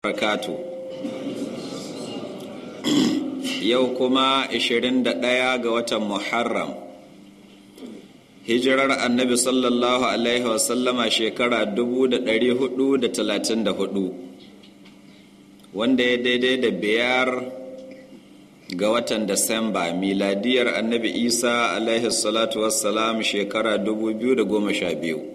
barakatu yau kuma 21 ga watan muharram hijirar annabi sallallahu alaihi wasallama shekara 434 wanda ya daidai da biyar ga watan disamba miladiyar annabi isa alaihi salatu wassalam shekara 2012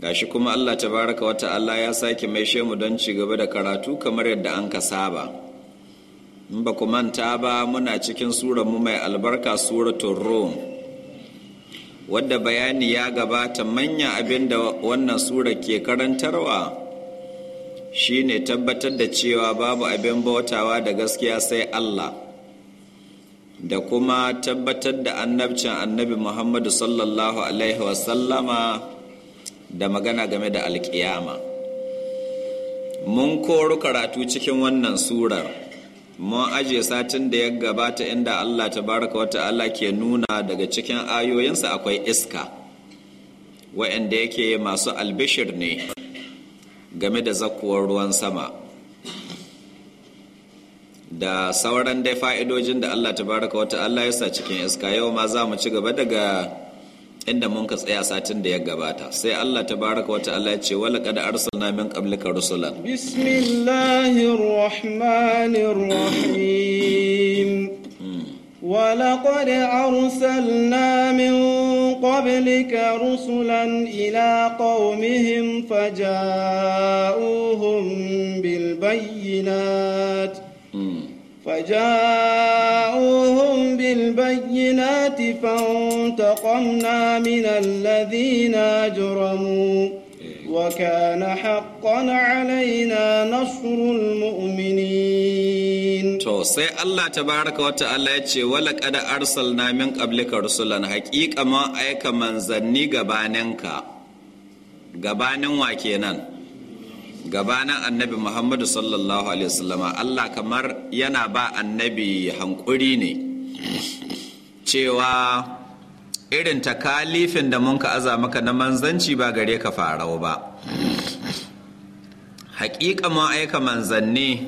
gashi kuma Allah ta baraka wata Allah ya sake mai shemu don ci gaba da karatu kamar yadda an ka saba in ba ku manta ba muna cikin surar mu mai albarka suratul rum wadda bayani ya gabata manya abinda wannan sura ke karantarwa shine tabbatar da cewa babu abin bautawa da gaskiya sai Allah da kuma tabbatar da annabcin annabi Muhammadu sallallahu alaihi wasallama da magana game da alkiyama mun koru karatu cikin wannan surar mun aje satin da ya gabata inda allah ta baraka wata allah ke nuna daga cikin ayoyinsa akwai iska wa'anda yake masu albishir ne game da zakuwar ruwan sama da sauran dai fa'idojin da allah ta baraka wata allah ya sa cikin iska yau ma za mu ci gaba daga inda mun ka tsaya satin da ya gabata sai Allah ta baraka wata Allah ce wala kada arsalna min qablika rusulan bismillahir rahmanir rahim hmm. wala qad arsalna min qablika rusulan ila qaumihim fajaa'uhum bil bayyinati فجاءوهم بالبينات فانتقمنا من الذين أجرموا وكان حقا علينا نصر المؤمنين to sai Allah tabaraka wa ta'ala ya ce wala arsal arsalna min qablika rusulan haqiqa ma aika manzanni gabaninka gabanin wa kenan gabanin annabi muhammadu sallallahu alaihi wasallama allah kamar yana ba annabi hankuri ne cewa irin takalifin da mun ka aza maka na manzanci ba gare ka fara ba hakika mun aika manzanni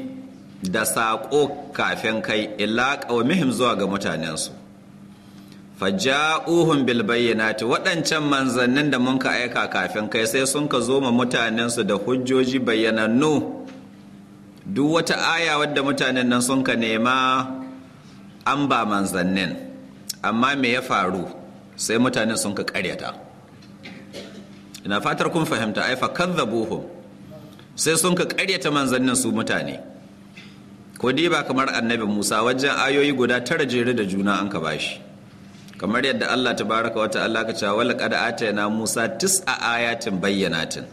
da saƙo kafin kai ila ƙaumihim zuwa ga mutanensu uhun bil ta, waɗancan manzannin da mun ka aika kafin kai sai sun ka zo ma mutanensu da hujjoji bayyanannu duk wata aya wadda mutanen nan sun ka nema an ba manzannin amma me ya faru sai mutanen sun ka karyata ina fatar kun fahimta ai fa kadzabuhum sai sun ka karyata manzannin su mutane ko dai ba kamar annabi Musa wajen ayoyi guda tara jere da juna an ka bashi kamar yadda Allah ta baraka wata allah ka cewa wala ata yana Musa tis'a ayatin bayyanatin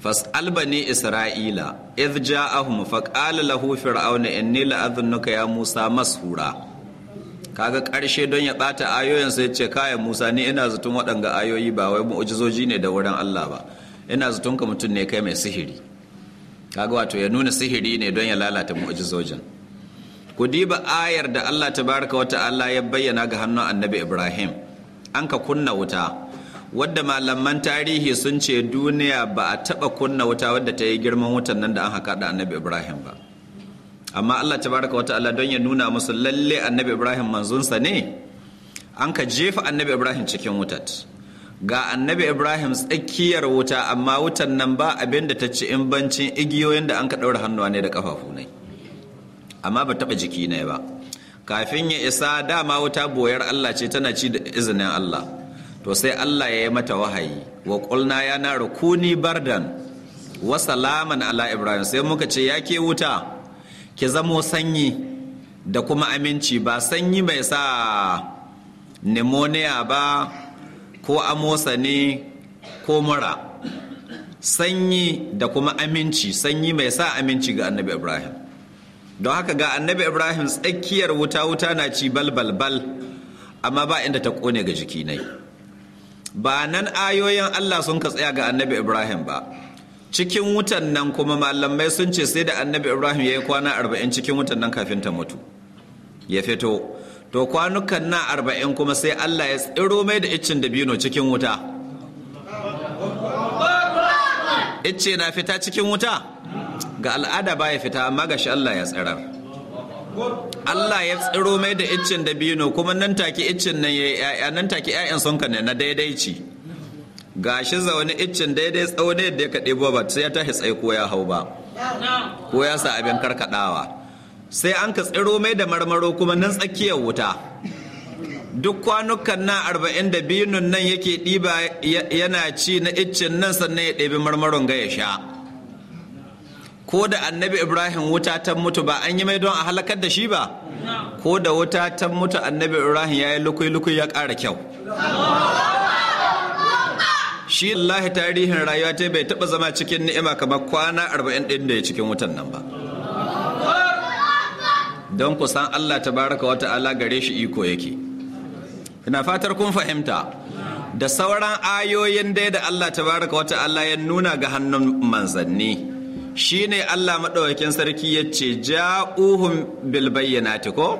fas'al bani isra'ila idh ja'ahum faqala lahu fir'aun inni la'adhunnuka ya Musa mashura kaga karshe don ya bata ayoyin sai ce kai Musa ni ina zutun waɗanga ayoyi ba wai mu'ujizoji ne da wurin Allah ba ina zutun ka mutum ne kai mai sihiri kaga wato ya nuna sihiri ne don ya lalata mu'jizojin ku diba ayar da Allah tabaraka wa ta'ala ya bayyana ga hannun annabi Ibrahim an ka kunna wuta wadda malaman tarihi sun ce duniya ba a taba kunna wuta wadda ta yi girman wutan nan da an haka da annabi Ibrahim ba amma Allah tabaraka wa ta'ala don ya nuna musu lalle annabi Ibrahim manzunsa ne an ka jefa annabi Ibrahim cikin wuta. ga annabi Ibrahim tsakiyar wuta amma wutan nan ba abin da ta ci in bancin igiyoyin da an ka ɗaura hannuwa ne da ƙafafu ne amma ba taɓa jiki ne ba kafin ya isa dama wuta boyar Allah ce tana ci da izinin Allah to sai Allah ya yi mata wahayi wa qulna ya na rukuni bardan wa salaman ala ibrahim sai muka ce ya ke wuta ki zamo sanyi da kuma aminci ba sanyi mai sa pneumonia ba ko amosa ne ko mura sanyi da kuma aminci sanyi mai sa aminci ga annabi ibrahim don haka ga annabi ibrahim tsakiyar wuta wuta na ci balbalbal bal bal amma ba inda ta kone ga jiki nai ba nan ayoyin allah sun ka tsaya ga annabi ibrahim ba cikin wutan nan kuma malamai sun ce sai da annabi ibrahim ya yi kwana arba'in cikin wutan nan kafin ta mutu ya fito to kwanukan na arba'in kuma sai allah ya tsiro mai da iccin dabino cikin wuta icce na fita cikin wuta ga al'ada baya fita amma ga Allah ya tsirar Allah ya tsiro mai da iccin da bino kuma nan take iccin nan ya nan take ƴaƴan sunka ne na daidaici gashi zaune iccin daidai tsawo ne da ya kaɗe ba sai ya tashi tsaye ko ya hau ba ko ya sa abin karkaɗawa sai an ka tsiro mai da marmaro kuma nan tsakiyar wuta duk kwanukan na arba'in da biyu nan yake ɗiba yana ci na iccin nan sannan ya ɗebi marmaron ga ya sha ko da annabi ibrahim wuta ta mutu ba an yi mai don a halakar da shi ba ko da wuta ta mutu annabi ibrahim ya yi lukui-lukui ya ƙara kyau shi Allah tarihin rayuwa ta bai taɓa zama cikin ni'ima kamar kwana arba'in ɗin da ya cikin wutan nan ba don ku san Allah baraka wata Ala, gare shi iko yake ina fatar kun fahimta da sauran ayoyin dai da Allah ta baraka wata Ala ya nuna ga hannun manzanni Shi ne Allah maɗaukakin sarki ya ce ja'uhum bil ko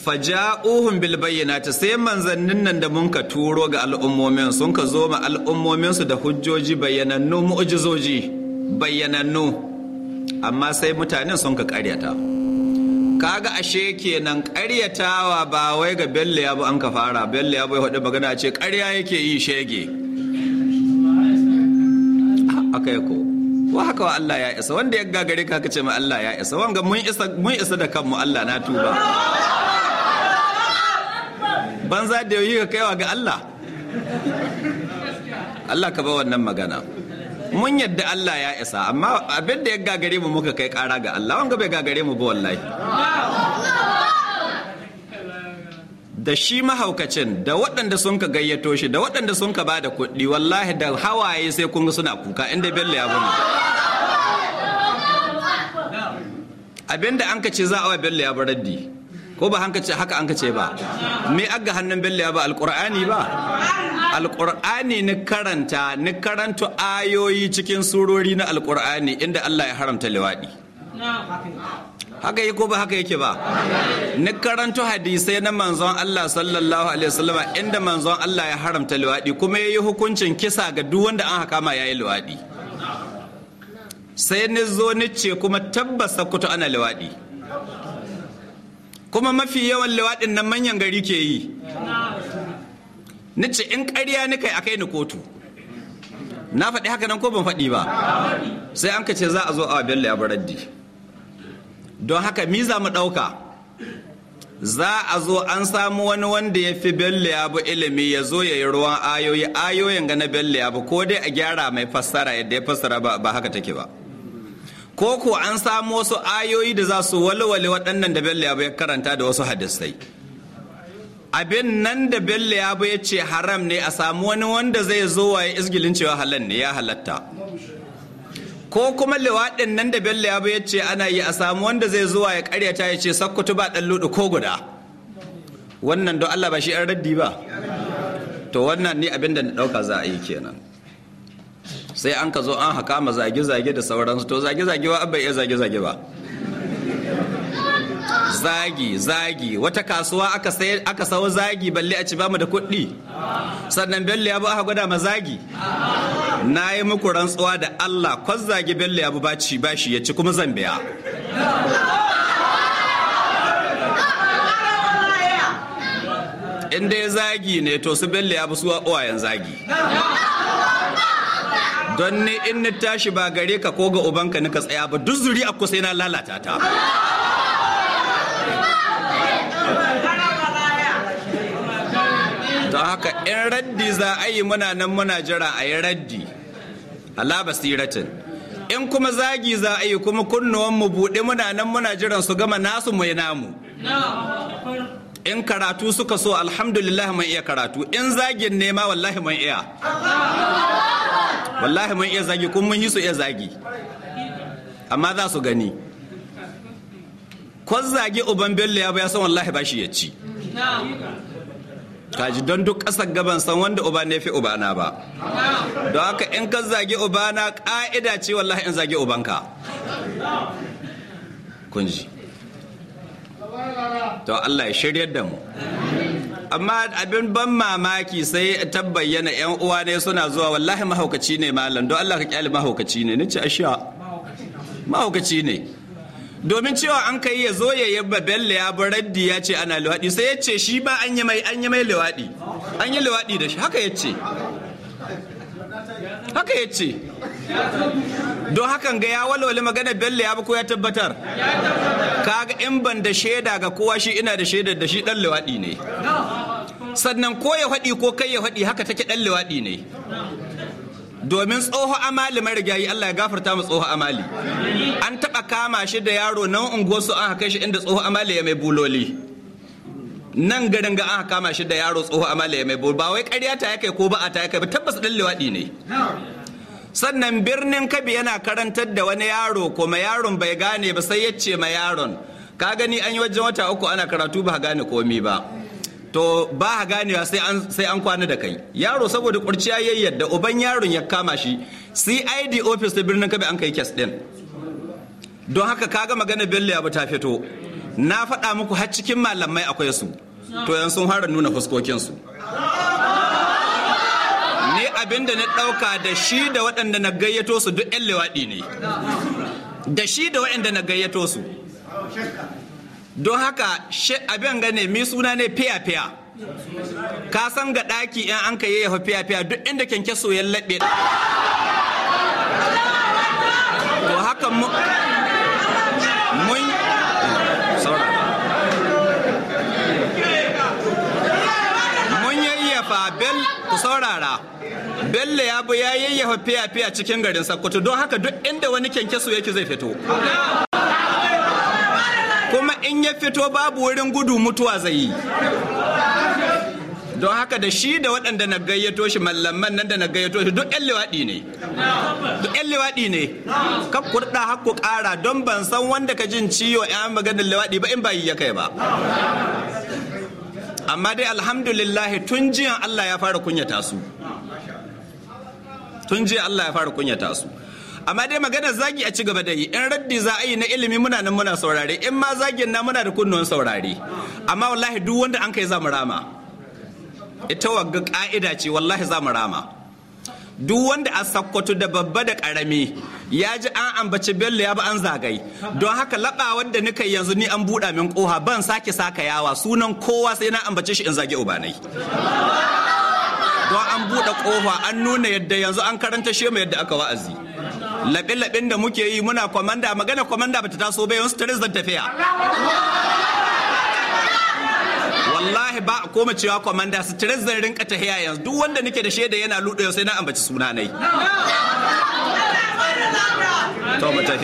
faja'uhum bil bilbayyanati sai manzannin nan da mun ka turo ga al'ummomin sun ka zo ma al'ummominsu da hujjoji bayyanannu mu'ujizoji bayyanannu amma sai mutanen sun ka karyata kaga ashe kenan karyatawa ba wai ga bello ya bu an ka fara bello ya bu ya hudu magana ce karya yake yi shege akai ko wa haka wa Allah ya isa wanda ya gagare ka kace ma Allah ya isa wanga mun isa mun isa da kanmu Allah na tuba banza da yi ka kaiwa ga Allah Allah ka ba wannan magana mun yadda Allah ya isa amma abin da ya gagare mu muka kai kara ga Allah wanga bai gagare mu ba wallahi da shi mahaukacin da waɗanda sun ka gayyato shi da waɗanda sun ka bada kuɗi wallahi da hawaye sai kun suna kuka inda bello ya bunu abinda an ka ce za a wa bello ya baraddi ko ba haka an ka ce ba me aga hannun bello ya ba alqur'ani ba alqur'ani ni karanta ni karanto ayoyi cikin surori na alqur'ani inda Allah ya haramta liwadi haka yi ko ba haka yake ba ni karanto hadisai na manzon Allah sallallahu alaihi wasallam inda manzon Allah ya haramta luwaɗi kuma ya yi hukuncin kisa ga duk wanda an haka ma ya yi sai ni zo ni ce kuma tabbas sakuto ana luwaɗi kuma mafi yawan luwadin nan manyan gari ke yi ni ce in ƙarya ni kai akai ni kotu na faɗi haka nan ko ban faɗi ba sai an ka ce za a zo a bello ya don haka miza mu ɗauka za a zo an samu wani wanda ya fi bello ya ilimi ya zo ya yi ruwan ayoyi ayoyin gana bello ya ko dai a gyara mai fassara yadda ya fassara ba haka take ba ko ko an samu wasu ayoyi da za su walwale waɗannan da bello ya ya karanta da wasu hadisai abin nan da bello ya bu ya ce haram ne a samu wani wanda zai zo wa ya izgilin cewa halal ne ya halatta ko kuma liwaɗin nan da bello ya bai ce ana yi a samu wanda zai zuwa ya karyata ya ce "Sakkutu ba ɗan ludu ko guda wannan don allah ba shi an raddi ba to wannan ni abin da na ɗauka za a yi kenan sai an ka zo an haka ma zage-zage da sauransu to zage-zage wa abba iya zage-zage ba zagi zagi wata kasuwa aka sawo zagi balle a ci bamu da kuɗi sannan bello ya aka gwada ma zagi na yi muku rantsuwa da allah kwas zagi bello ya ba ci ba ya ci kuma zan biya in dai zagi ne to su bello ya suwa uwayen zagi don ne in na tashi ba gare ka ko ga ubanka nika tsaya ba duk zuri a kusa na lalata ta haka in raddi za a yi muna nan muna jira a yi raddi ala basiratin in kuma zagi za a yi kuma kunnuwan mu buɗe muna nan muna jiran su gama nasu mai namu in karatu suka so alhamdulillah mun iya karatu in zagin nema wallahi mun iya wallahi mun iya zagi kuma mun yi su iya zagi amma za su gani kwan zagi uban bello ya ba ya san wallahi ba shi ya ci kaji don duk ƙasar gaban san wanda uba ne fi ubana ba don haka in ka zage ubana ƙa'ida ce wallahi in zage ubanka kunji to Allah ya shiryar da mu amma abin ban mamaki sai ta bayyana yan uwa ne suna zuwa wallahi mahaukaci ne malam don Allah ka kyale mahaukaci ne nace asha mahaukaci ne domin cewa an kai ya zo ya yabba bello ya bi raddi ya ce ana luwaɗi sai ya ce shi ba an yi mai an yi mai luwaɗi an yi luwaɗi da shi haka ya ce haka ya ce don hakan ga ya walwale magana bello ya ko ya tabbatar kaga in ban da shaida ga kowa shi ina da shaidar da shi ɗan luwaɗi ne sannan ko ya faɗi ko kai ya faɗi haka take ɗan luwaɗi ne domin tsoho amali marigayi Allah ya gafarta mu tsoho amali an taba kama shi da yaro nan unguwarsu an haka shi inda tsoho amali ya mai buloli nan garin ga an kama shi da yaro tsoho amali ya mai buloli ba wai ƙarya ta yake ko ba a ta yake ba tabbas ɗin liwaɗi ne sannan birnin kabi yana karantar da wani yaro kuma yaron bai gane ba sai ya ce ma yaron ka gani an yi wajen wata uku ana karatu ba gane komi ba to ba ganewa sai an sai an kwana da kai yaro saboda kurciya yayi yadda uban yaron ya kama shi CID office ta birnin Kabe an kai kes din don haka kaga magana Bello ya ta fito na faɗa muku har cikin malamai akwai su to yan sun fara nuna fuskokin su ni abinda na ɗauka da shi da waɗanda na gayyato su duk 'yan lewaɗi ne da shi da waɗanda na gayyato su don haka abin gane nemi suna ne fiya-fiya ka san ga ɗaki yan an ka yi yahu fiya-fiya duk inda kyankyaso ya laɓe to haka mu saurara bello ya bu ya yayyafa fiya-fiya cikin garin sakkwato don haka duk inda wani kyankyaso yake zai fito ya fito babu wurin gudu mutuwa zai yi don haka da shi da waɗanda na gayyato shi mallaman nan da na gayyato shi duk 'yan liwaɗi ne duk 'yan liwaɗi ne ka kurɗa hakku ƙara don ban san wanda ka jin ciwo 'yan maganin liwaɗi ba in ba yi ya kai ba amma dai alhamdulillahi tun jiyan Allah ya fara kunyata su tun jiya Allah ya fara kunyata su amma dai maganar zagi a ci gaba da yi in raddi za a yi na ilimi muna nan muna saurare in ma zagin na muna da kunnuwan saurare amma wallahi duk wanda an kai za mu rama ita wagga ka'ida ce wallahi za mu rama duk wanda a sakkwato da babba da karami ya ji an ambaci bello ya ba an zagai don haka laba wanda nika yanzu ni an buɗa min ƙoha ban sake saka yawa sunan kowa sai na ambace shi in zage ubanai don an buɗe ƙofa an nuna yadda yanzu an karanta shi yadda aka wa'azi laɓe-laɓen da muke yi muna kwamanda magana kwamanda bata taso bai wasu tare zan tafiya wallahi ba a koma cewa kwamanda su tare zan rinka tafiya yanzu duk wanda nake da shaida yana luɗe sai na ambaci suna nai to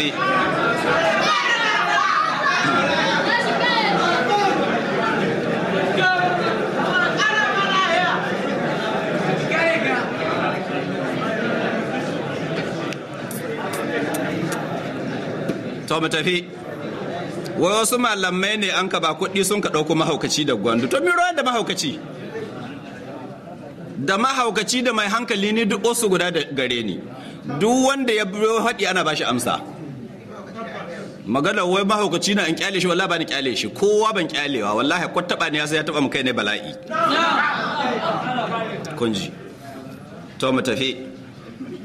to mu tafi wai wasu malamai ne an ka ba kuɗi sun ka ɗauko mahaukaci da gwandu to miro da mahaukaci da mahaukaci da mai hankali ni duk wasu guda da gare ni duk wanda ya biyo haɗi ana bashi amsa magana wai mahaukaci na an kyale shi wallahi ba ni kyale shi kowa ban kyalewa wallahi ko taba ne ya sai ya taba mu kai ne bala'i kunji to mu tafi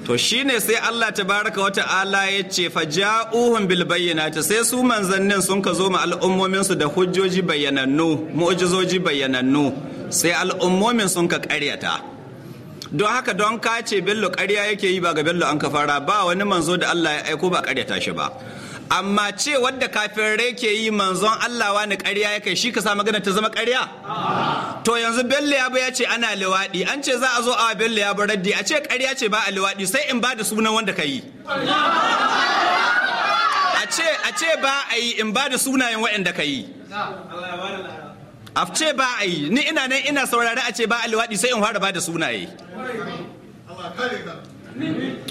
to shi ne sai Allah ta baraka wata wata'ala ya ce fa ja'uhun bil ta sai su manzannin sun ka zo ma al'ummomin su da hujjoji bayyanannu mu'jizoji bayyanannu sai al'ummomin sun ka ƙaryata don haka don ka ce bello karya yake yi ba ga bello an ka fara ba wani manzo da Allah ya aiko ba ƙaryata shi ba amma ce wadda kafin ke yi manzon Allah ni ƙarya ya kai shi ka sa magana ta zama ƙarya to yanzu bello ya ya ce ana liwaɗi an ce za a zo a bello ya raddi a ce ƙarya ce ba a liwaɗi sai in ba da sunan wanda ka yi a ce a ce ba a yi in ba da sunayen waɗanda ka yi a ce ba a yi ni ina nan ina saurari a ce ba a liwaɗi sai in fara ba da sunaye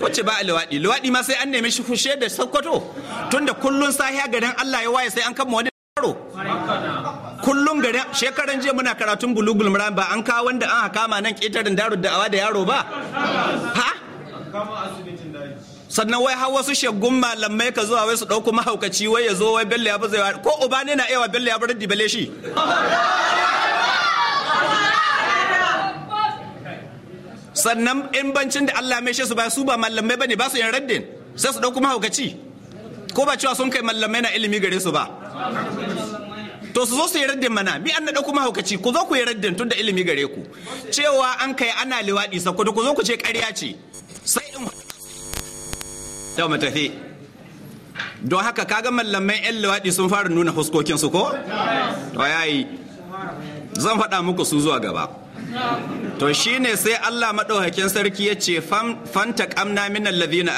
wacce ba a luwaɗi? Luwaɗi ma sai an nemi shi kushe da sokoto tunda kullun sahiya garin Allah ya waye sai an kama wani yaro kullun garin shekaran jiya muna karatun bulugul muran ba an kawo wanda an hakama nan ƙetaren daro da awa da yaro ba ha sannan wai har wasu shagun malamai ka zuwa wai su ɗauko mahaukaci wai ya zo wai bello ya zai ko uba ne na iya wa bello ya bi raddi bale shi sannan in bancin da Allah mai su ba su ba mallamai bane ba su yin raddin sai su dauko mahaukaci ko ba cewa sun kai mallamai na ilimi gare su ba to su zo su yi raddin mana bi an naɗa kuma haukaci ku zo ku yi raddin tun da ilimi gare ku cewa an kai ana liwaɗi sakkwato ku zo ku ce ƙarya ce sai in da mu tafi don haka kaga mallamai yan liwaɗi sun fara nuna fuskokinsu ko to yayi zan faɗa muku su zuwa gaba to shi ne sai Allah maɗaukakin sarki ya ce fanta ƙamna min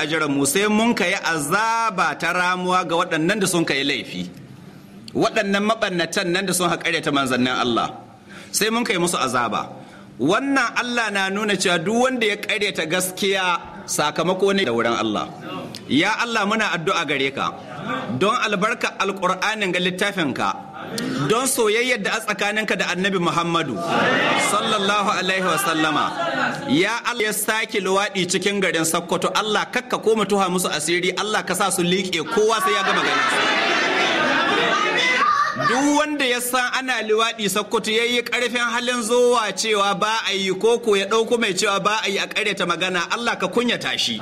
ajiyar mu. sai mun ka yi azaba ta ramuwa ga waɗannan da sun yi laifi waɗannan maɓannatan nan da sun haƙa ta manzannin Allah sai mun kai musu azaba wannan Allah na nuna cewa duk wanda ya ta gaskiya sakamako ne da wurin Allah ya Allah muna addu'a gare ka don albarka alƙur'anin ga littafinka don soyayyar da a tsakaninka da annabi Muhammadu sallallahu alaihi wasallama ya Allah ya sake luwaɗi cikin garin Sokoto Allah kakka ko tuha musu asiri Allah ka sa su liƙe kowa sai ya gama magana duk wanda ya san ana liwaɗi Sokoto ya yi ƙarfin halin zowa cewa ba a yi koko ya ɗauko mai cewa ba a yi a ƙaryata magana Allah ka kunyata shi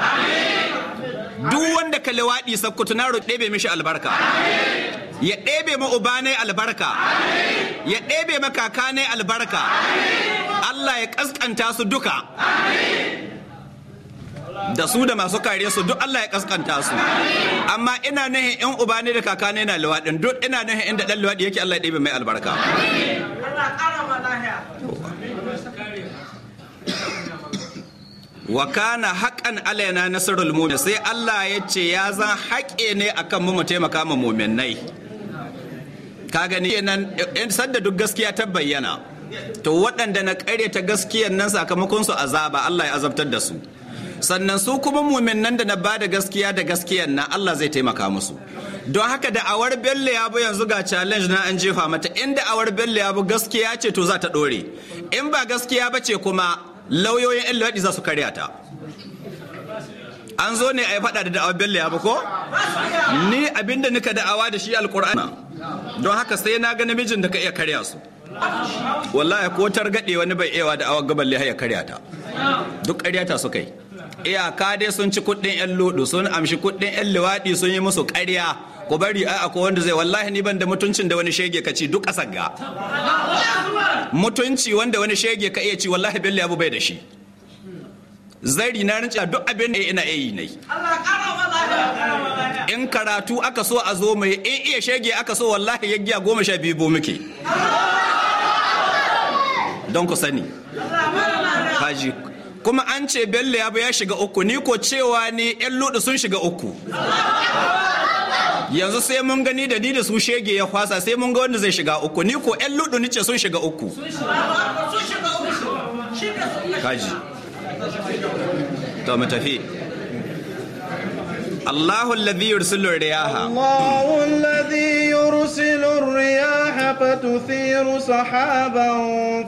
duk wanda ka luwaɗi Sokoto na roɗe bai mishi albarka ya ɗebe ma ubanai albarka ya ɗebe ma kakanai albarka Allah ya ƙasƙanta su duka da su da masu kare su duk Allah ya ƙasƙanta su amma ina nahin in uba ne da kaka na luwaɗin duk ina nahin inda ɗan luwaɗi yake Allah ya ɗebe mai albarka wa kana haƙan alaina nasarul mu'min sai Allah ya ce ya zan haƙe ne akan mu mu taimaka mu mu'minnai ka gani kenan eh, sanda duk gaskiya ta bayyana to waɗanda na ta gaskiyar nan sakamakon su azaba Allah ya azabtar da su sannan su kuma nan da na ba da gaskiya da gaskiyar nan Allah zai taimaka musu don haka da awar bello ya bu yanzu ga challenge na an jefa mata inda awar bello ya bu gaskiya ce to za ta ɗore in ba gaskiya ba ce kuma lauyoyin ɗin luwaɗi za su karya ta an zo ne a yi faɗa da da'awar bello ya bu ko ni abinda nika da'awa da shi alkur'ani don haka sai na ga namijin da ka iya karya su wallahi ko targaɗe wani bai ewa da awar gaban ya karya ta duk karya ta suka yi iyaka dai sun ci kuɗin 'yan lodo sun amshi kuɗin 'yan liwaɗi sun yi musu karya ku bari a akwai wanda zai wallahi ni ban da mutuncin da wani shege ka ci duk ƙasar mutunci wanda wani shege ka iya ci wallahi billahi abu bai da shi zari na rinci duk abin da ina yi ne in karatu aka so a zo mai in iya shege aka so wallahi ya giya goma sha biyu muke don ku sani haji kuma an ce bello ya ya shiga uku ni ko cewa ne yan ludu sun shiga uku yanzu sai mun gani da ni da su shege ya kwasa sai mun ga wanda zai shiga uku ni ko yan ludu ni ce sun shiga uku kaji to mu tafi الله الذي يرسل الرياح الله الذي يرسل الرياح فتثير سحابا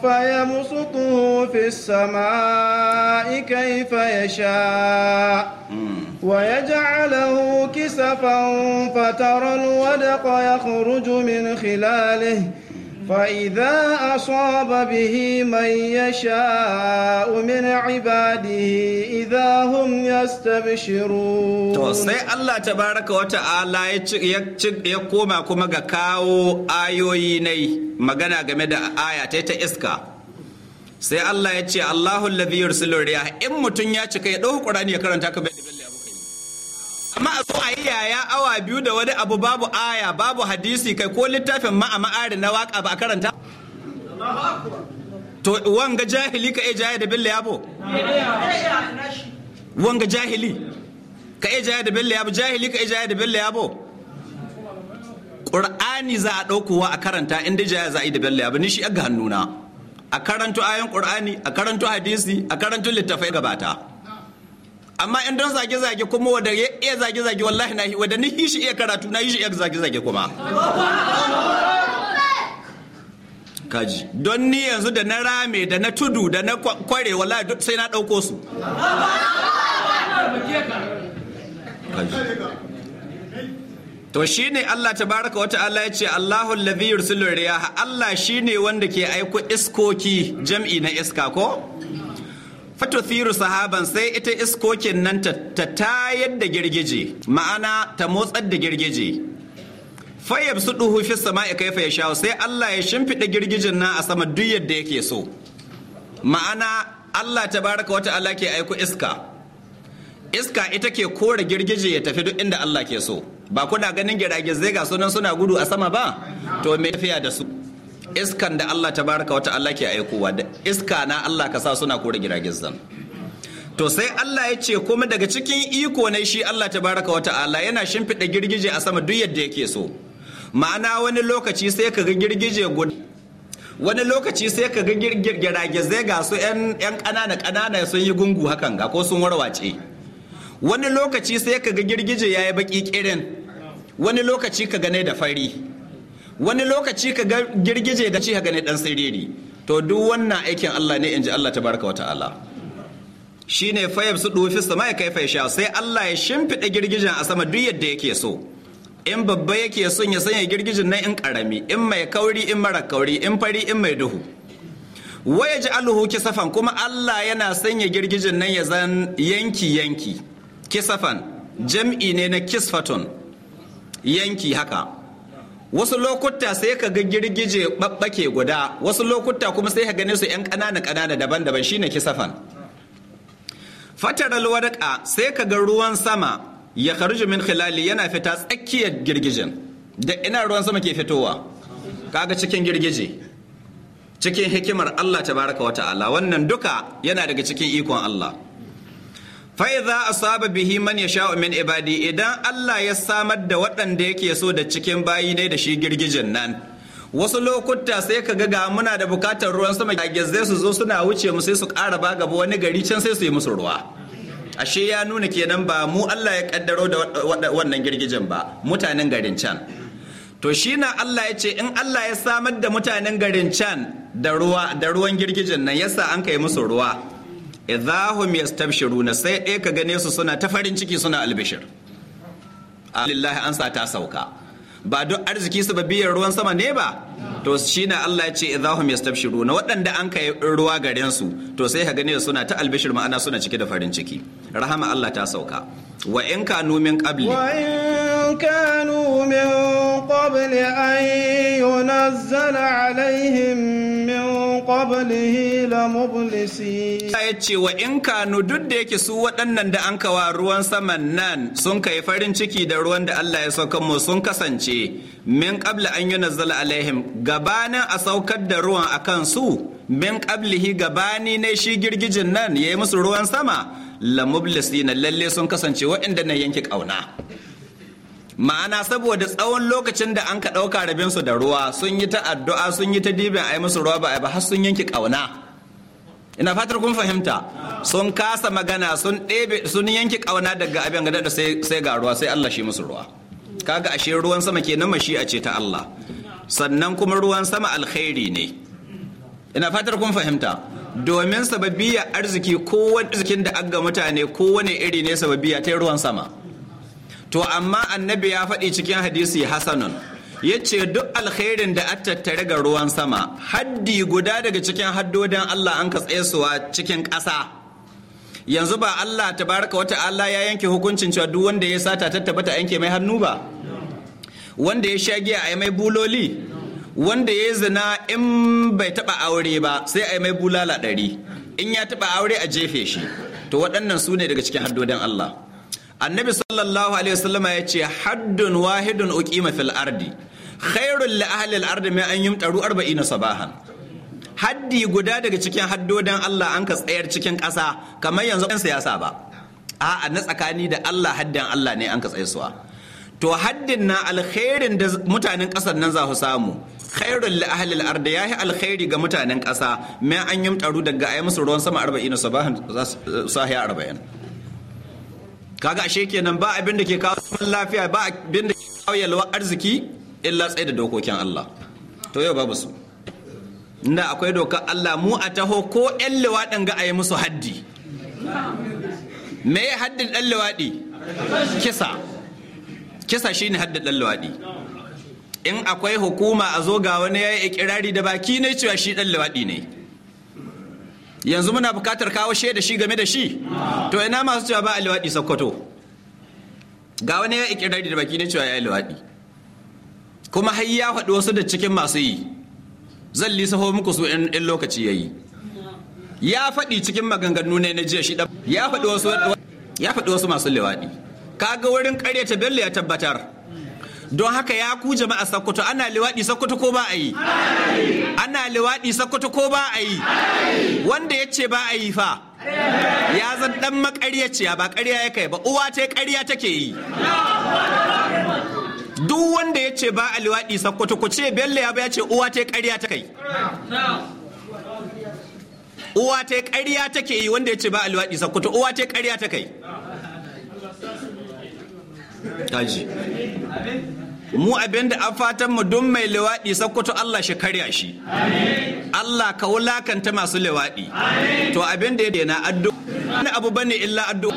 فيمسطه في السماء كيف يشاء ويجعله كسفا فترى الودق يخرج من خلاله فإذا أصاب به من يشاء من عباده إذا هم يستبشرون to sai Allah tabaraka wa ta'ala ya koma kuma ga kawo ayoyi nai magana game da aya ta ta iska sai Allah ya ce Allahu allazi yursilu riyah in mutum ya cika ya dau Qur'ani ya karanta ka bai amma a so a yi yaya awa biyu da wani abu babu aya babu hadisi kai ko littafin ma a ma'ari na waka ba a karanta to wanga jahili ka iya jaya da billa yabo wanga jahili ka iya jaya da billa yabo jahili ka iya jaya da billa yabo ƙur'ani za a ɗaukowa a karanta in dai jaya za a yi da billa yabo ni shi ga hannuna a karanto ayan ƙur'ani a karanto hadisi a karanto littafai gabata amma in don zage-zage kuma wanda ya iya zage-zage wallahi na wanda ni shi iya karatu na shi iya zage-zage kuma kaji don ni yanzu da na rame da na tudu da na kware wallahi sai na ɗauko su To shi ne Allah baraka wa ta'ala ya ce Allahu alladhi yursilu riyaha Allah shi ne wanda ke aiko iskoki jam'i na iska ko? fatothiru sahaban sai ita iskokin nan ta tayar da girgije ma'ana ta motsar da girgije fayyab su duhu fi sama'i kaifa ya shawo sai Allah ya shimfiɗa girgijin nan a sama duk yadda yake so ma'ana Allah ta baraka wata Allah ke aiko iska iska ita ke kore girgije ya tafi duk inda Allah ke so ba kuna ganin girage zai ga sunan suna gudu a sama ba to me tafiya da su iskan da Allah ta baraka wata Allah ke aikowa da iska na Allah ka sa suna kore zan to sai Allah ya ce kuma daga cikin iko na shi Allah ta baraka wata Allah yana shimfiɗa girgije a sama duk yadda yake so ma'ana wani lokaci sai ka ga girgije guda wani lokaci sai ka ga girgirage ga su yan ƙanana ƙanana sun yi gungu hakan ga ko sun warwace wani lokaci sai ka ga girgije ya yi baƙi ƙirin wani lokaci ka gane da fari wani lokaci ka ga girgije da ci ka gane dan siriri to duk wannan aikin Allah ne inji Allah tabaraka wa ta'ala shine fayab su dofi sama ya kaifa sha sai Allah ya shimfida girgijen a sama duk yadda yake so in babba yake son ya sanya girgijin nan in karami in mai kauri in mara kauri in fari in mai duhu waya ji aluhu kisafan kuma Allah yana sanya girgijin nan ya zan yanki yanki kisafan jam'i ne na kisfatun yanki haka wasu lokuta sai ka ga girgije babbake guda wasu lokuta kuma sai ka gane su yan ƙanana ƙanana daban-daban shine kisafan fatar alwarqa sai ka ga ruwan sama ya kharuju min khilali yana fita tsakiyar girgijin da ina ruwan sama ke fitowa kaga cikin girgije cikin hikimar Allah tabaraka wa ta'ala wannan duka yana daga cikin ikon Allah fa'iza saba bihi man sha min ibadi idan Allah ya samar da waɗanda yake so da cikin bayi ne da shi girgijin nan wasu lokuta sai ka ga muna da bukatar ruwan sama gizze su zo suna wuce mu sai su ƙara ba gaba wani gari can sai su yi musu ruwa ashe ya nuna kenan ba mu Allah ya kaddaro da wannan girgijin ba mutanen garin can to shi na Allah ya ce in Allah ya samar da mutanen garin can da ruwan girgijin nan yasa an kai musu ruwa idahum yastabshiruna sai ɗaya ka gane su suna ta farin ciki suna albishir lillahi an sa ta sauka ba duk arziki su ba biyan ruwan sama ne ba to shi shine Allah ya ce idahum yastabshiruna waɗanda an kai ruwa garin su to sai ka gane suna ta albishir ma'ana suna cike da farin ciki rahama Allah ta sauka wa in kanu min qabli wa in kanu min qabli an yunazzala alaihim qablihi lamublisina ya ce wa in kanu duk da yake su waɗannan da an kawa ruwan saman nan sun kai farin ciki da ruwan da Allah ya sauka mu sun kasance min qabla an yunazzala alaihim gabanin a saukar da ruwan akan su min qablihi gabani ne shi girgijin nan yayi musu ruwan sama na lalle sun kasance waɗanda na yanke kauna ma'ana saboda tsawon lokacin da an ka ɗauka rabinsu da ruwa sun yi ta addu'a sun yi ta dibin a yi musu ruwa ba a ba har sun yanki ƙauna ina fatar kun fahimta sun kasa magana sun ɗebe sun yanki ƙauna daga abin gada da sai ga ruwa sai Allah shi musu ruwa kaga ashe ruwan sama kenan mashi a ce ta Allah sannan kuma ruwan sama alkhairi ne ina fatar kun fahimta domin sababiyar arziki ko arzikin da aga mutane ko wani iri ne sababbiya ta ruwan sama to amma annabi ya faɗi cikin hadisi hasanun ya ce duk alkhairin da a tattare ga ruwan sama haddi guda daga cikin haddodin Allah an ka tsayesuwa cikin ƙasa yanzu ba Allah ta baraka wata Allah ya yanke hukuncin cewa duk wanda ya sata ta yanke mai hannu ba wanda ya sha giya a mai buloli wanda ya zina in bai taba aure ba sai a mai bulala ɗari in ya taba aure a jefe shi to waɗannan su ne daga cikin haddodin Allah annabi sallallahu alaihi wasallama ya ce haddun wahidun uqima fil ardi khairul li ahli al ardi mai an yumtaru 40 sabahan haddi guda daga cikin haddodan Allah an ka tsayar cikin ƙasa kamar yanzu ɗan siyasa ba a'a na tsakani da Allah haddan Allah ne an ka tsayarsuwa to haddin na alkhairin da mutanen ƙasar nan za su samu khairul li ahli al ardi yahi alkhairi ga mutanen ƙasa mai an yumtaru daga ayi musu ruwan sama 40 sabahan za su eh, sahiya 40 kaga ashe kenan ba abin da ke kawo zaman lafiya ba abin da ke kawo yalwar arziki illa tsaye da dokokin Allah to yau babu su inda akwai dokar Allah mu a taho ko ƴan liwaɗin ga a yi musu haddi me ya haddin ɗan liwaɗi kisa kisa shine haddin ɗan liwaɗi in akwai hukuma a zo ga wani ya yi ikirari da baki ne cewa shi ɗan liwaɗi ne yanzu muna bukatar kawo shi da shi game da shi to ina masu cewa ba a liwaɗi sokoto ga wani ya ikirari da baki ne cewa ya liwaɗi kuma har ya faɗi wasu da cikin masu yi zan lisa ho muku su in lokaci ya yi ya faɗi cikin maganganu ne na jiya shi ya faɗi wasu masu liwaɗi kaga wurin ƙarya ta bello ya tabbatar don haka ya ku jama'a sakkwato ana liwaɗi sakkwato ko ba a yi ana liwaɗi sakkwato ko ba a yi wanda ya ce ba a yi fa ya zan dan makaryaciya ba karya ya kai ba uwa ta karya take yi duk wanda ya ce ba a liwaɗi sakkwato ku ce bello ya ba ya ce uwa ta karya ta kai uwa ta karya take yi wanda ya ce ba a liwaɗi sakkwato uwa ta karya ta kai mu abin da an fatan mu don mai lewaɗi sakkwato Allah shi karya shi Allah ka wulakanta masu lewaɗi to abin da ya dena addu. wani abu bane illa addu.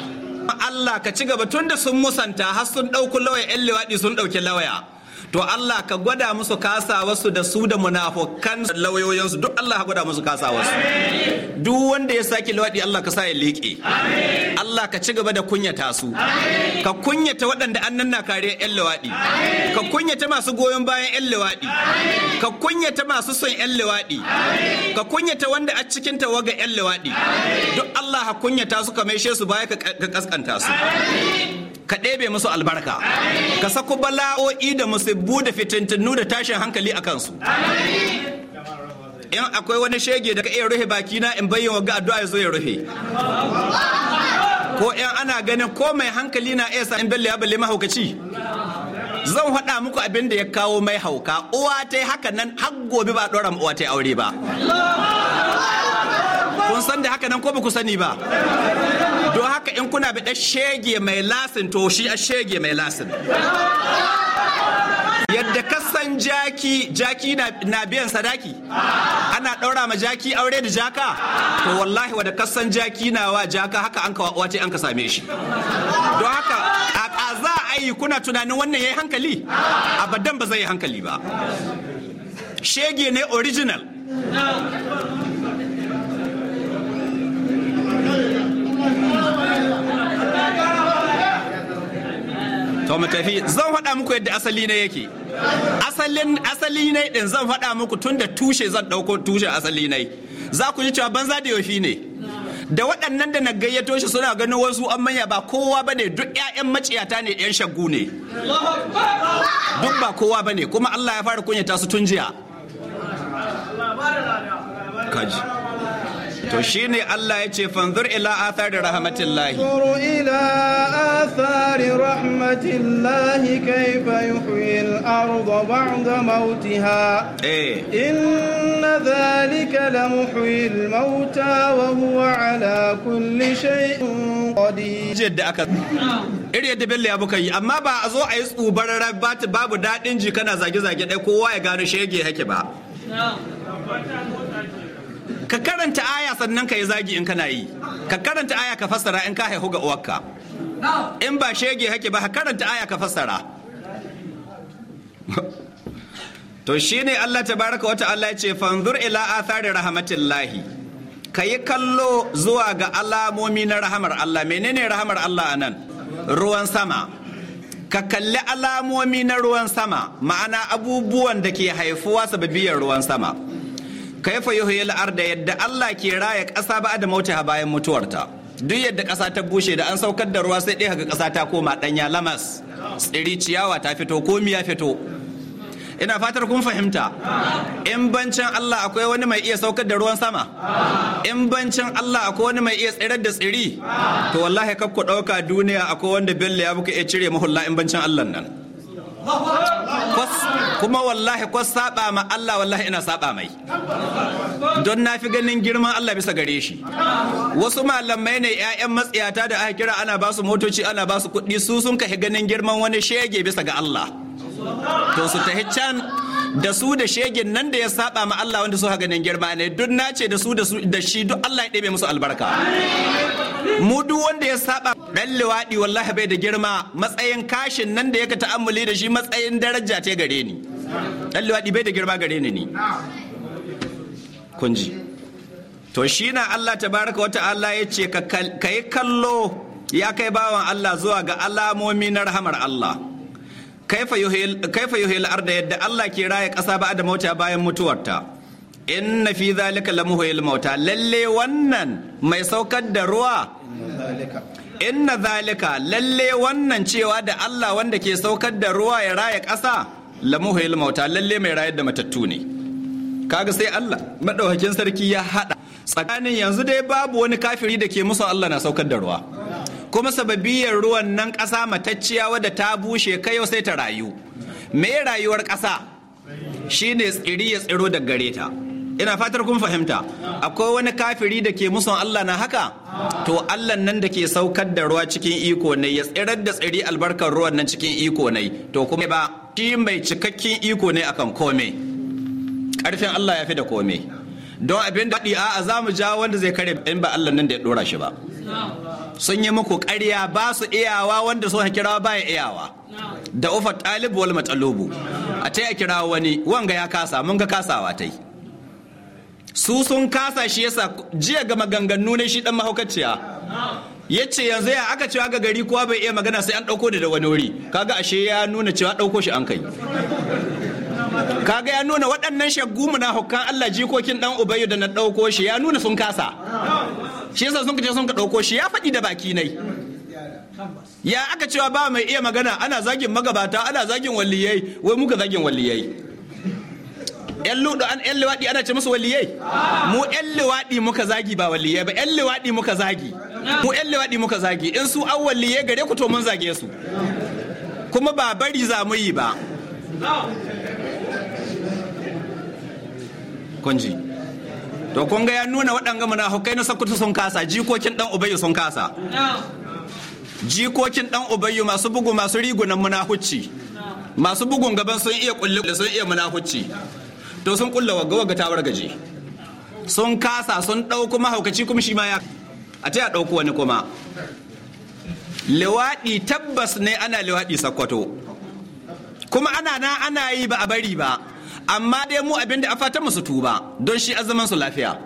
Allah ka ci gaba tun da sun musanta har sun ɗauki lawaya 'yan lewaɗi sun ɗauki lawaya to Allah ka gwada musu kasa wasu da su da munafukan lauyoyinsu duk Allah ka gwada musu kasa wasu. duk wanda ya saki lawadi Allah ka sa ya leƙe Allah ka ci gaba da kunyata su ka kunyata waɗanda annan na kare yan lawadi ka kunyata masu goyon bayan yan lawadi ka kunyata masu son yan lawadi ka kunyata wanda a cikin tawaga yan lawadi duk Allah ka kunyata su ka maishe su baya ka kaskanta su ka ɗebe musu albarka ka sako bala'o'i da musibu da fitintinu da tashin hankali a kansu in akwai wani shege da ka iya rufe baki na in bayyana ga addu'a ya zo ya rufe ko in ana ganin ko mai hankali na iya sa in bello ya balle mahaukaci zan haɗa muku abin da ya kawo mai hauka uwa ta yi haka nan har gobe ba ɗora uwa ta aure ba kun san da haka nan ko ba ku sani ba haka in kuna bi ɗan shege mai lasin to shi a shege mai lasin yadda kasan jaki jaki na biyan sadaki ana ɗaura ma jaki aure da jaka to wallahi wadda ka san jaki na wa jaka haka an wace an ka same shi don haka a za a yi kuna tunanin wannan ya yi hankali abadan ba zai yi hankali ba shege ne original to mu tafi zan faɗa muku yadda asali ne yake asalin asali ne din zan faɗa muku tun da tushe zan ɗauko tushen asali ne za ku ji cewa banza da yofi ne da waɗannan da na gayyato shi suna ganin wasu an manya ba kowa ba duk 'ya'yan maciyata ne 'yan shaggu ne duk ba kowa ba kuma allah ya fara kunyata su tun jiya to ne Allah ya ce fanzur ila athari rahmatillahi ila athari rahmatillahi kayfa yuhyi al-ardh ba'da mautiha eh. inna dhalika la muhyi al-mauta wa huwa ala kulli shay'in qadir jidda aka iri yadda bello ya buka yi amma ba a zo a yi tsubar babu daɗin ji kana zage-zage ɗai kowa ya gano shege hake ba ka karanta aya sannan ka yi zagi in kana yi ka karanta aya ka fassara in ka haihu ga uwarka in ba shege hake ba ka karanta aya ka fassara to shi ne Allah ta baraka wata Allah ya ce fanzur ila athari rahmatillahi ka yi kallo zuwa ga alamomi na rahamar Allah menene rahamar Allah anan ruwan sama ka kalli alamomi na ruwan sama ma'ana abubuwan da ke haifuwa sababiyar ruwan sama kaifa la'ar da yadda Allah ke raya ƙasa ba da mautaha bayan mutuwarta duk yadda ƙasa ta bushe da an saukar da ruwa sai ɗaya ga ƙasa ta koma ɗanya lamas tsiri ciyawa ta fito ko miya fito ina fatar kun fahimta in bancin Allah akwai wani mai iya saukar da ruwan sama in bancin Allah akwai wani mai iya tsirar da tsiri to wallahi kakku ɗauka duniya akwai wanda bello ya buka iya cire mahulla in bancin Allah nan kuma wallahi ko saba ma Allah wallahi ina saba mai don na fi ganin girman Allah bisa gare shi wasu malamai ne 'ya'yan matsiyata da aka kira ana ba su motoci ana ba su kuɗi su sun kahi ganin girman wani shege bisa ga Allah to su tahi can da su da shegen nan da ya saba ma Allah wanda su haganin girma ne duk nace da su da shi duk Allah ya ɗebe musu albarka mu duk wanda ya saba dan liwadi wallahi bai da girma matsayin kashin nan da yake ta'ammuli da shi matsayin daraja ce gare ni dan liwadi bai da girma gare ni ne. kunji to shi na Allah tabaraka wa ta'ala ya ce ka yi kallo ya kai bawan Allah zuwa ga alamomi na rahamar Allah kaifa yuhil arda yadda Allah ke raya ƙasa ba da mauta bayan mutuwarta In na fi zalika lamuhil mauta lalle wannan mai saukar da ruwa In na zalika lalle wannan cewa da Allah wanda ke saukar da ruwa ya raya ƙasa lamuhil mauta lalle mai rayar da matattu ne kaga sai Allah madaukakin sarki ya hada tsakanin yanzu dai babu wani kafiri da ke musu Allah na saukar da ruwa kuma sababiyar ruwan nan ƙasa matacciya wadda ta bushe kayo sai ta rayu me rayuwar ƙasa shine tsiri ya tsiro da gare ta ina fatar kun fahimta akwai wani kafiri da ke muson Allah na haka to Allah nan da ke saukar da ruwa cikin iko ne ya tsirar da tsiri albarkar ruwan nan cikin iko ne to kuma ba shi mai cikakken iko ne akan kome karfin Allah ya fi da kome don abin da a za mu ja wanda zai kare in ba Allah nan da ya ɗora shi ba sun yi muku ƙarya ba su iyawa wanda suka kira ba ya iyawa da ufa talibu wal matsalobu a ta kira wani wanga ya kasa mun ga kasawa ta yi su sun kasa shi yasa jiya ga maganganu ne shi dan mahaukaciya ya ce yanzu ya aka cewa ga gari kowa bai iya magana sai an ɗauko da wani wuri kaga ashe ya nuna cewa ɗauko shi an kai kaga ya nuna waɗannan shagumu na hukkan Allah jikokin dan ubayu da na ɗauko shi ya nuna sun kasa shi yasa sun kace sun ka dauko shi ya faɗi da baki nai ya aka cewa ba mai iya magana ana zagin magabata ana zagin waliyai wai muka zagin waliyai yan ludo an yan liwaɗi ana ce musu waliyai mu yan liwaɗi muka zagi ba waliyai ba yan liwaɗi muka zagi mu yan liwaɗi muka zagi in su an waliyai gare ku to mun zage su kuma ba bari za mu yi ba kunji to kun ga ya nuna waɗanga hukai na sakutu sun kasa jikokin dan ubayyu sun kasa jikokin dan ubayyu masu bugu masu rigunan hucci. masu bugun gaban sun iya kulle sun iya munafuci to sun kulla wagga wagga tawar gaji sun kasa sun ɗauku mahaukaci kuma shi ma ya a ta ya ɗauku wani kuma liwaɗi tabbas ne ana liwaɗi sakwato kuma ana na ana yi ba a bari ba amma dai mu abin da a fata su tuba don shi azaman su lafiya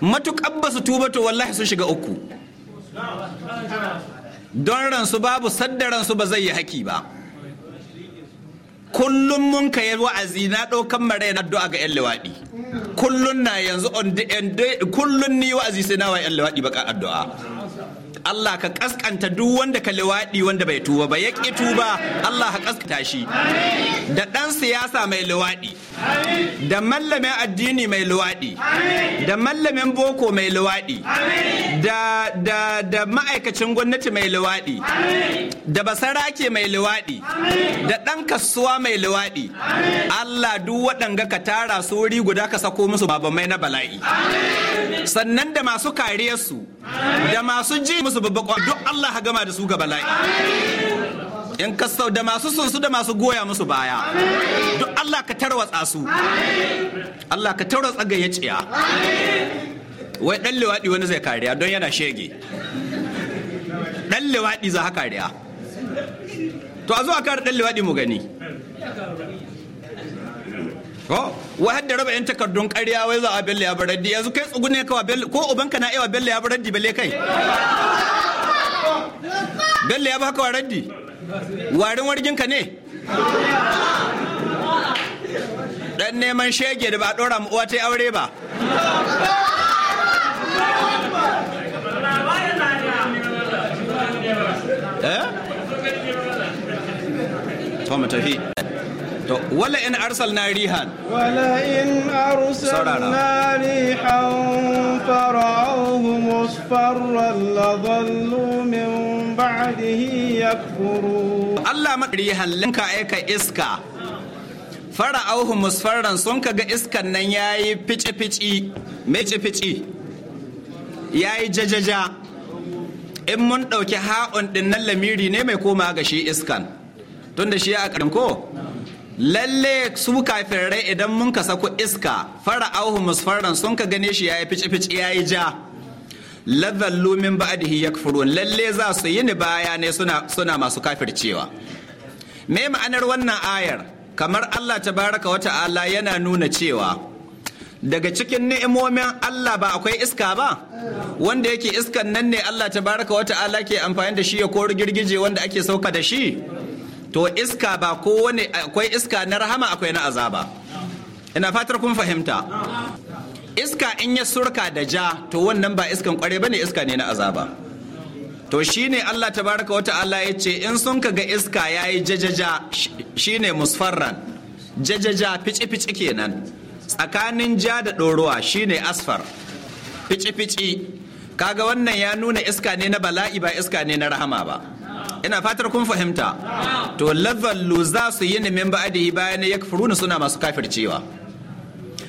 matuƙar ba su tuba to wallahi sun shiga uku don ransu babu sadda ransu ba zai yi haki ba kullum mun ka wa'azi na ɗaukan mara na do'a ga 'yan liwaɗi kullum na yanzu on kullum ni wa'azi sai na wa 'yan liwaɗi baka addu'a Allah ka kaskanta duk wanda ka liwaɗi wanda bai tuba ba ya ƙi tuba Allah ka kaskanta shi da ɗan siyasa mai liwaɗi da mallamin addini mai liwaɗi da mallamin boko mai liwaɗi da da ma'aikacin gwamnati mai liwaɗi da basarake mai liwaɗi da ɗan kasuwa mai liwaɗi Allah duk waɗanga ka tara su guda ka sako musu babamai na bala'i sannan da masu kariyarsu da masu ji musu babbakon duk Allah ha gama da su ga bala'i in ka sau da masu sunsu da masu goya musu baya duk Allah ka tarwatsa su Allah ka tarwatsa gayyaciya wai dan lewaɗi wani zai kariya don yana shege dan lewaɗi za ha kariya to a zo a kare dan lewaɗi mu gani wahar da raba yan takardun karya wai za a bello ya baradi yanzu kai tsugune kawa bello ko ubanka na ewa bello ya baraddi bale kai bello ya baka waraddi warin ka ne dan neman shege da ba a ɗora mu uwa ta aure ba eh? Toma Tawhid. to wala in na rihan wala in na rihan fara'uhu musfarran la dhallu min ba'dihi yakfuru Allah ma rihan linka aika iska fara'uhu musfarran sun kaga iskan nan yayi fici fici mece fici yayi jajaja in mun ɗauki ha'un ɗin nan lamiri ne mai koma ga shi iskan Tunda shi a ƙarin ko lalle su kafirai idan mun ka sako iska fara auhu musfarran sun ka gane shi ya fice fici fici yi ja ladhal lumin ba'dihi yakfurun lalle za su yi ni baya ne suna suna masu kafircewa me ma'anar wannan ayar kamar Allah tabaraka wa ta'ala yana nuna cewa daga cikin ni'imomin Allah ba akwai iska ba wanda yake iskan nan ne Allah tabaraka wa ta'ala ke amfani da shi ya kori girgije wanda ake sauka da shi to iska ba kowane akwai iska na rahama akwai na azaba ina fatar kun fahimta iska in ya surka da ja to wannan ba iskan kware bane iska ne na azaba to shine Allah tabaraka wa ta'ala ya ce in sun kaga iska yayi jajaja shine musfarran jajaja fici fici kenan tsakanin ja da ɗorowa shine asfar fici fici kaga wannan ya nuna iska ne na bala'i ba iska ne na rahama ba ina fatar kun fahimta to lavallu za su yi ne min ba'adihi bayan yakfuruna suna masu kafircewa